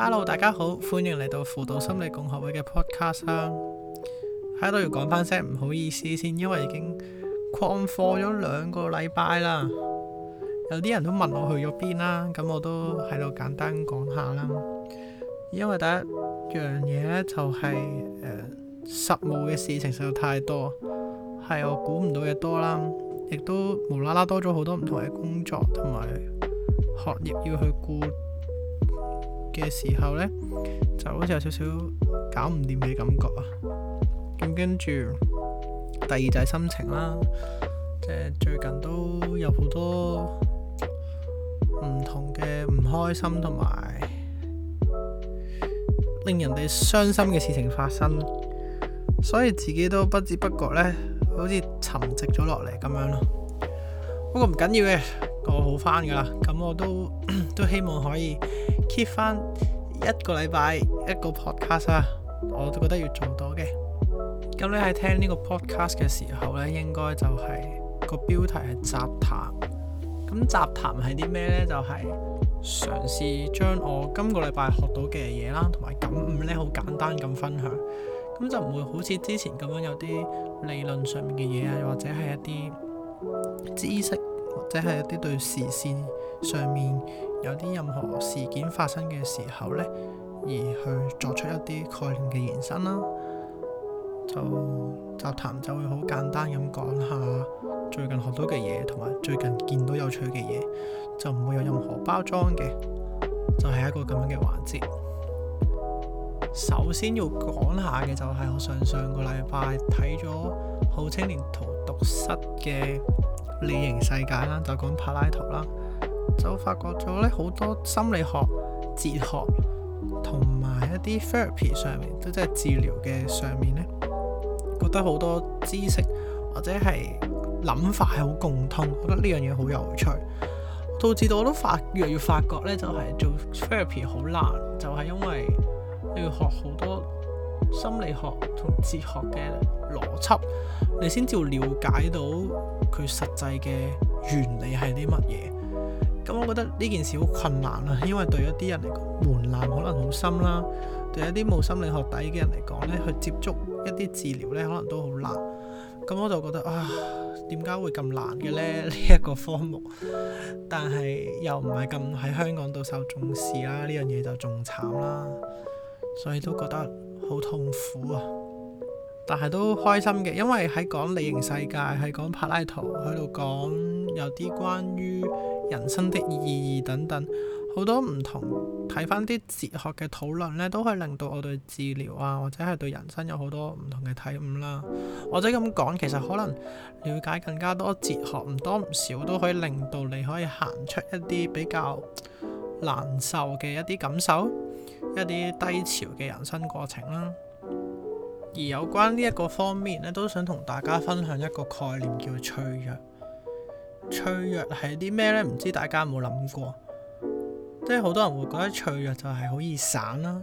Hello，大家好，歡迎嚟到輔導心理共學會嘅 podcast 啊！喺度要講返聲，唔好意思先，因為已經曠課咗兩個禮拜啦。有啲人都問我去咗邊啦，咁我都喺度簡單講下啦。因為第一樣嘢咧就係誒，實務嘅事情實在太多，係我估唔到嘅多啦，亦都無啦啦多咗好多唔同嘅工作同埋學業要去顧，嘅時候呢，就好似有少少搞唔掂嘅感覺啊！咁跟住第二就係心情啦，即係最近都有好多唔同嘅唔開心同埋令人哋傷心嘅事情發生，所以自己都不知不覺呢，好似沉寂咗落嚟咁樣咯。不過唔緊要嘅。好翻噶啦，咁我都 都希望可以 keep 翻一個禮拜一個 podcast 啊，我都覺得要做多嘅。咁你喺聽呢個 podcast 嘅時候呢，應該就係個標題係雜談。咁雜談係啲咩呢？就係、是、嘗試將我今個禮拜學到嘅嘢啦，同埋感悟呢，好簡單咁分享。咁就唔會好似之前咁樣有啲理論上面嘅嘢啊，或者係一啲知識。或者係一啲對視線上面有啲任何事件發生嘅時候呢，而去作出一啲概念嘅延伸啦。就雜談就會好簡單咁講下最近學到嘅嘢，同埋最近見到有趣嘅嘢，就唔會有任何包裝嘅，就係、是、一個咁樣嘅環節。首先要講下嘅就係我上上個禮拜睇咗《好青年圖讀室》嘅。理型世界啦，就講柏拉圖啦，就發覺咗咧好多心理學、哲學同埋一啲 therapy 上面，都即係治療嘅上面咧，覺得好多知識或者係諗法係好共通，覺得呢樣嘢好有趣，導致到我都越嚟越發覺咧，就係做 therapy 好難，就係因為你要學好多心理學同哲學嘅邏輯，你先至了解到。佢實際嘅原理係啲乜嘢？咁、嗯、我覺得呢件事好困難啊，因為對一啲人嚟講，門檻可能好深啦；對一啲冇心理學底嘅人嚟講咧，去接觸一啲治療咧，可能都好難。咁、嗯、我就覺得啊，點解會咁難嘅呢？呢、這、一個科目，但係又唔係咁喺香港度受重視啦，呢樣嘢就仲慘啦。所以都覺得好痛苦啊！但係都開心嘅，因為喺講理型世界，係講柏拉圖，喺度講有啲關於人生的意義等等，好多唔同。睇翻啲哲學嘅討論呢，都可以令到我對治療啊，或者係對人生有好多唔同嘅體悟啦。或者咁講，其實可能了解更加多哲學，唔多唔少，都可以令到你可以行出一啲比較難受嘅一啲感受，一啲低潮嘅人生過程啦。而有關呢一個方面咧，都想同大家分享一個概念叫脆弱。脆弱係啲咩呢？唔知大家有冇諗過？即係好多人會覺得脆弱就係好易散啦，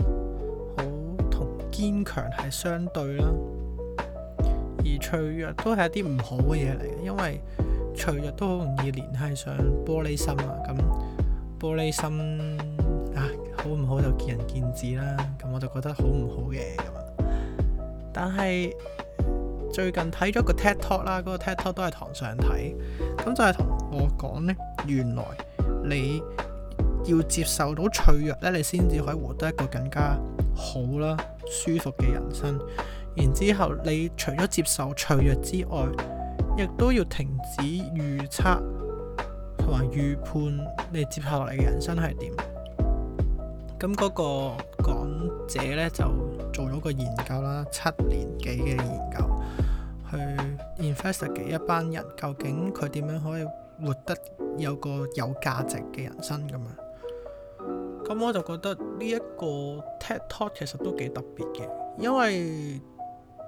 好同堅強係相對啦。而脆弱都係一啲唔好嘅嘢嚟嘅，因為脆弱都好容易連繫上玻璃心啊。咁玻璃心啊，好唔好就見仁見智啦。咁我就覺得好唔好嘅。但係最近睇咗個 TED Talk 啦，嗰個 TED Talk 都係堂上睇，咁就係同我講呢，原來你要接受到脆弱咧，你先至可以活得一個更加好啦，舒服嘅人生。然之後，你除咗接受脆弱之外，亦都要停止預測同埋預判你接下嚟嘅人生係點。咁嗰個講者咧就做咗個研究啦，七年幾嘅研究，去 investigate 一班人究竟佢點樣可以活得有個有價值嘅人生咁啊。咁我就覺得呢一個 TED Talk 其實都幾特別嘅，因為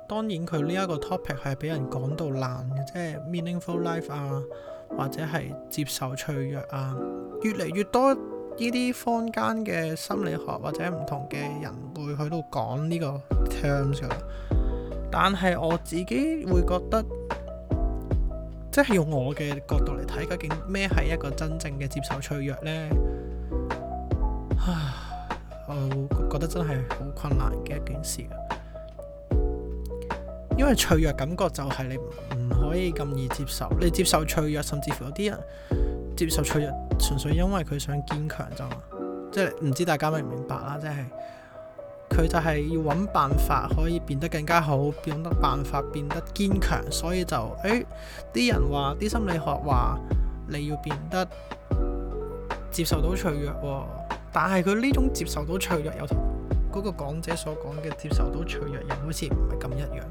當然佢呢一個 topic 係俾人講到爛嘅，即係 meaningful life 啊，或者係接受脆弱啊，越嚟越多。呢啲坊間嘅心理學或者唔同嘅人會去到講呢個 terms 但係我自己會覺得，即係用我嘅角度嚟睇，究竟咩係一個真正嘅接受脆弱呢？啊，我覺得真係好困難嘅一件事，因為脆弱感覺就係你唔可以咁易接受，你接受脆弱，甚至乎有啲人。接受脆弱，純粹因為佢想堅強咋嘛？即係唔知大家明唔明白啦，即係佢就係要揾辦法可以變得更加好，變得辦法變得堅強，所以就誒啲人話啲心理學話你要變得接受到脆弱喎，但係佢呢種接受到脆弱，又同嗰個講者所講嘅接受到脆弱又好似唔係咁一樣，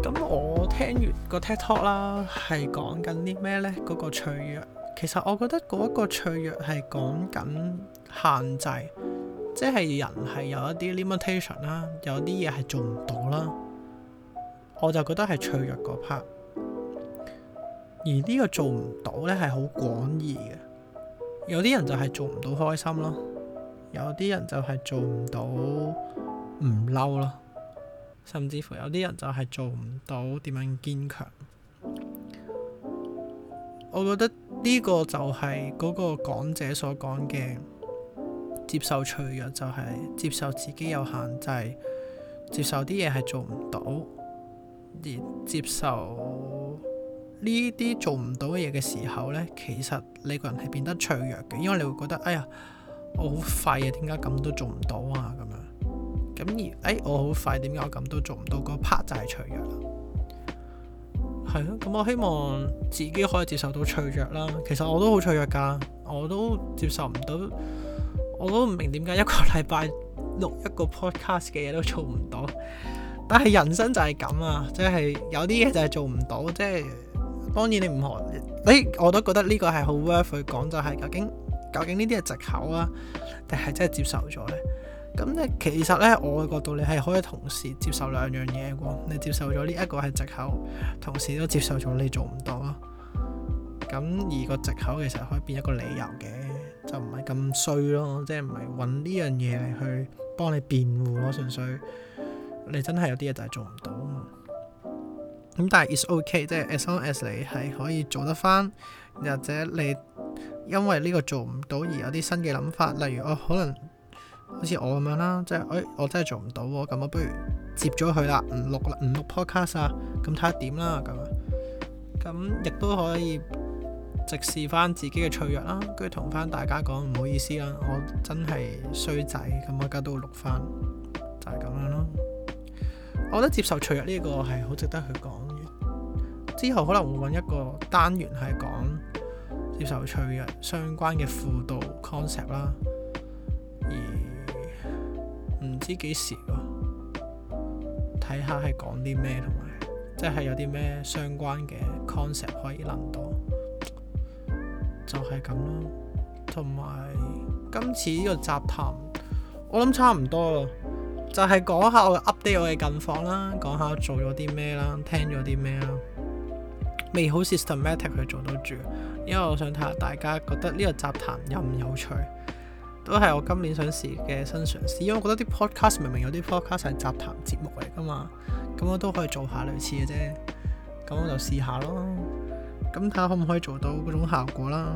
咁我。聽完個 TED talk 啦，係講緊啲咩呢？嗰個脆弱，其實我覺得嗰個脆弱係講緊限制，即係人係有一啲 limitation 啦，有啲嘢係做唔到啦。我就覺得係脆弱嗰 part，而呢個做唔到呢係好廣義嘅，有啲人就係做唔到開心咯，有啲人就係做唔到唔嬲咯。甚至乎有啲人就係做唔到點樣堅強，我覺得呢個就係嗰個講者所講嘅接受脆弱，就係、是、接受自己有限制，接受啲嘢係做唔到，而接受呢啲做唔到嘅嘢嘅時候呢，其實你個人係變得脆弱嘅，因為你會覺得哎呀我好廢啊，點解咁都做唔到啊咁樣。咁而，哎，我好快，點解我咁都做唔到？嗰 part 就係脆弱，係咯。咁我希望自己可以接受到脆弱啦。其實我都好脆弱噶，我都接受唔到，我都唔明點解一個禮拜錄一個 podcast 嘅嘢都做唔到。但係人生就係咁啊，即係有啲嘢就係做唔到。即係當然你唔學，你、哎，我都覺得呢個係好 worth 去講，就係究竟究竟呢啲係藉口啊，定係真係接受咗咧？咁咧，其實咧，我嘅角度你係可以同時接受兩樣嘢嘅喎，你接受咗呢一個係藉口，同時都接受咗你做唔到咯。咁而個藉口其實可以變一個理由嘅，就唔係咁衰咯，即係唔係揾呢樣嘢嚟去幫你辯護咯，純粹你真係有啲嘢就係做唔到。咁但係 it's okay，即係 as long as 你係可以做得翻，或者你因為呢個做唔到而有啲新嘅諗法，例如我可能。好似我咁樣啦，即係誒，我真係做唔到喎，咁啊不如接咗佢啦，唔錄啦，唔錄 podcast 啊，咁睇下點啦，咁咁亦都可以直視翻自己嘅脆弱啦，跟住同翻大家講唔好意思啦，我真係衰仔，咁我而家都會錄翻，就係咁樣咯。我覺得接受脆弱呢個係好值得去講嘅，之後可能會揾一個單元係講接受脆弱相關嘅輔導 concept 啦。啲幾時睇下係講啲咩，同埋、啊、即係有啲咩相關嘅 concept 可以諗到，就係咁咯。同埋今次呢個雜談，我諗差唔多啦，就係、是、講下我 update 我嘅近況啦，講下我做咗啲咩啦，聽咗啲咩啦，未好 systematic 去做到住，因為我想睇下大家覺得呢個雜談有唔有趣。都係我今年想試嘅新嘗試，因為我覺得啲 podcast 明明有啲 podcast 係雜談節目嚟㗎嘛，咁我都可以做下類似嘅啫，咁我就試下咯，咁睇下可唔可以做到嗰種效果啦。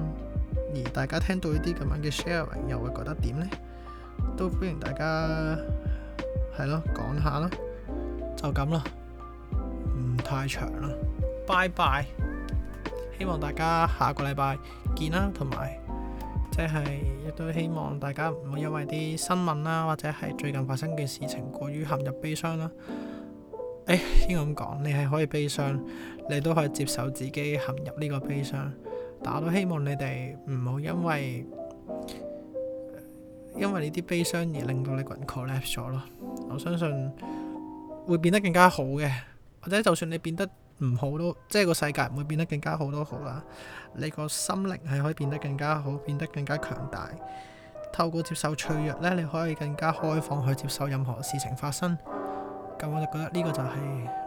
而大家聽到呢啲咁樣嘅 sharing，又會覺得點呢？都歡迎大家係咯，講下啦，就咁啦，唔太長啦，拜拜，希望大家下個禮拜見啦，同埋。即係亦都希望大家唔好因為啲新聞啦，或者係最近發生嘅事情過於陷入悲傷啦。誒、哎，應該咁講，你係可以悲傷，你都可以接受自己陷入呢個悲傷，但我都希望你哋唔好因為因為呢啲悲傷而令到你個人 collapse 咗咯。我相信會變得更加好嘅，或者就算你變得。唔好都，即係個世界唔會變得更加好都好啦。你個心靈係可以變得更加好，變得更加強大。透過接受脆弱呢，你可以更加開放去接受任何事情發生。咁我就覺得呢個就係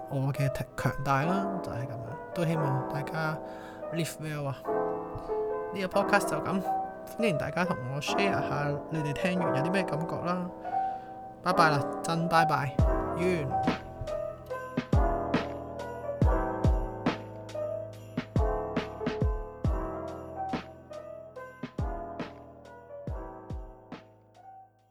我嘅強大啦，就係咁樣。都希望大家 live well 啊。呢個 podcast 就咁，歡迎大家同我 share 下你哋聽完有啲咩感覺啦。拜拜啦，真拜拜，完。